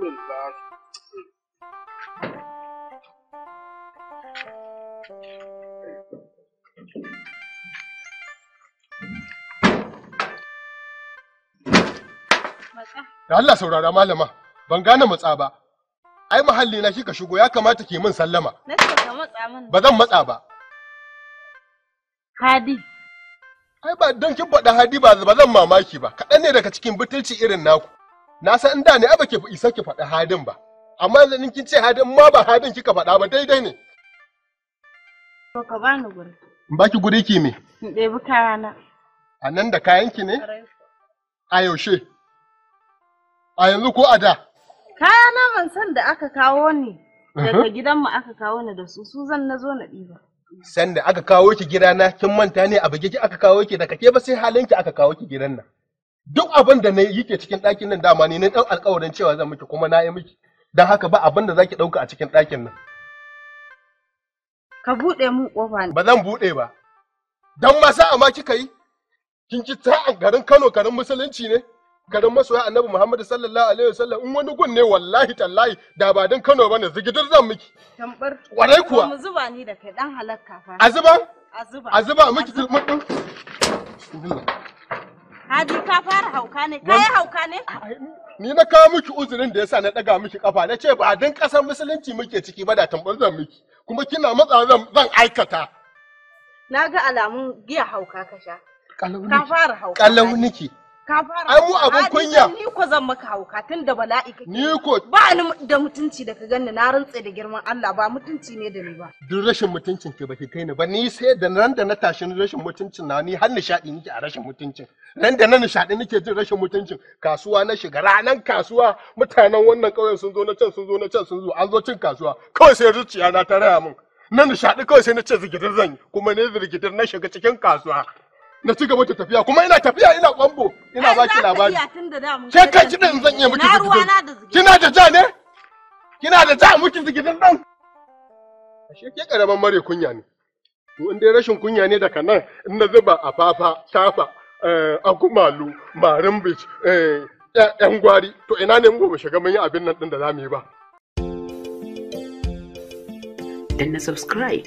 Da Allah saurara malama, ban gane matsa ba. Ai mahalli na kika shigo ya kamata ke min sallama. Na ka matsa min. Ba zan matsa ba. Hadi. Ai ba don kin faɗa hadi ba ba zan mamaki ba. Kaɗan ne daga cikin butulci irin naku. na san inda ne abake fi isa ki faɗi hadin ba amma yanzu kin ce hadin ma ba hadin kika faɗa ba daidai ne to ka bani guri in baki guri ki me in ɗebi kayana a nan da kayan ki ne a yaushe a yanzu ko a da kayana man san da aka kawo ni daga gidanmu aka kawo ni da su su zan na zo na ɗiba Sanda aka kawo ki gidana kin manta ne a bage ki aka kawo ki daga ke ba sai halin ki aka kawo ki gidan nan duk abin da na yi ke cikin ɗakin nan dama ne na ɗan alƙawarin cewa zan miki kuma na yi miki don haka ba abin da zaki ɗauka a cikin ɗakin nan. Ka buɗe mu ƙofa ne. Ba zan buɗe ba. Don ma sa'a ma kika yi? Kin ki sa'an garin Kano garin musulunci ne? Garin masoya Annabi Muhammadu sallallahu alaihi wasallam in wani gun ne wallahi tallahi da ba dan Kano ba ne zigidar zan miki. Tambar. Warai kuwa. Mu zuba ni da kai dan halakka fa. A zuba? A zuba. A zuba miki mun Hadi ka fara hauka ne, ka yi hauka ne? Ni na kawo miki uzurin da yasa na ɗaga miki kafa na ce ba don ƙasar musulunci muke ciki ba da tambar zan miki kuma kina matsa zan aikata. Na ga alamun giya hauka ka sha. Ka fara hauka. Kalau niki. ka fara ai mu abun kunya ni ko zan maka hauka tun da bala'i kake ni ko ba ni da mutunci da ka ganni na rantse da girman Allah ba mutunci ne da ni ba duk rashin mutuncin ke baki kai ni ba ni sai da nan da na tashi rashin mutuncin na ni har nishadi nake a rashin mutuncin nan da na nishadi nake jin rashin mutuncin kasuwa na shiga ranan kasuwa mutanen wannan ƙauyen sun zo na can sun zo na can sun zo an zo cin kasuwa kawai sai zuciya na ta raya min na nishadi kawai sai na ce zigidar zan kuma ne zigidar na shiga cikin kasuwa na ci gaba da tafiya kuma ina tafiya ina kwambo ina baki labari ke kai din zan iya miki kina da ja ne kina da ja miki zigidan dan ashe ke karaman mare kunya ne to in dai rashin kunya ne daga nan in na zuba a fafa tafa eh, a kumalu marin beach yan eh, gwari to ina ne mu ba shiga mun yi abin nan din da zamu yi ba Then subscribe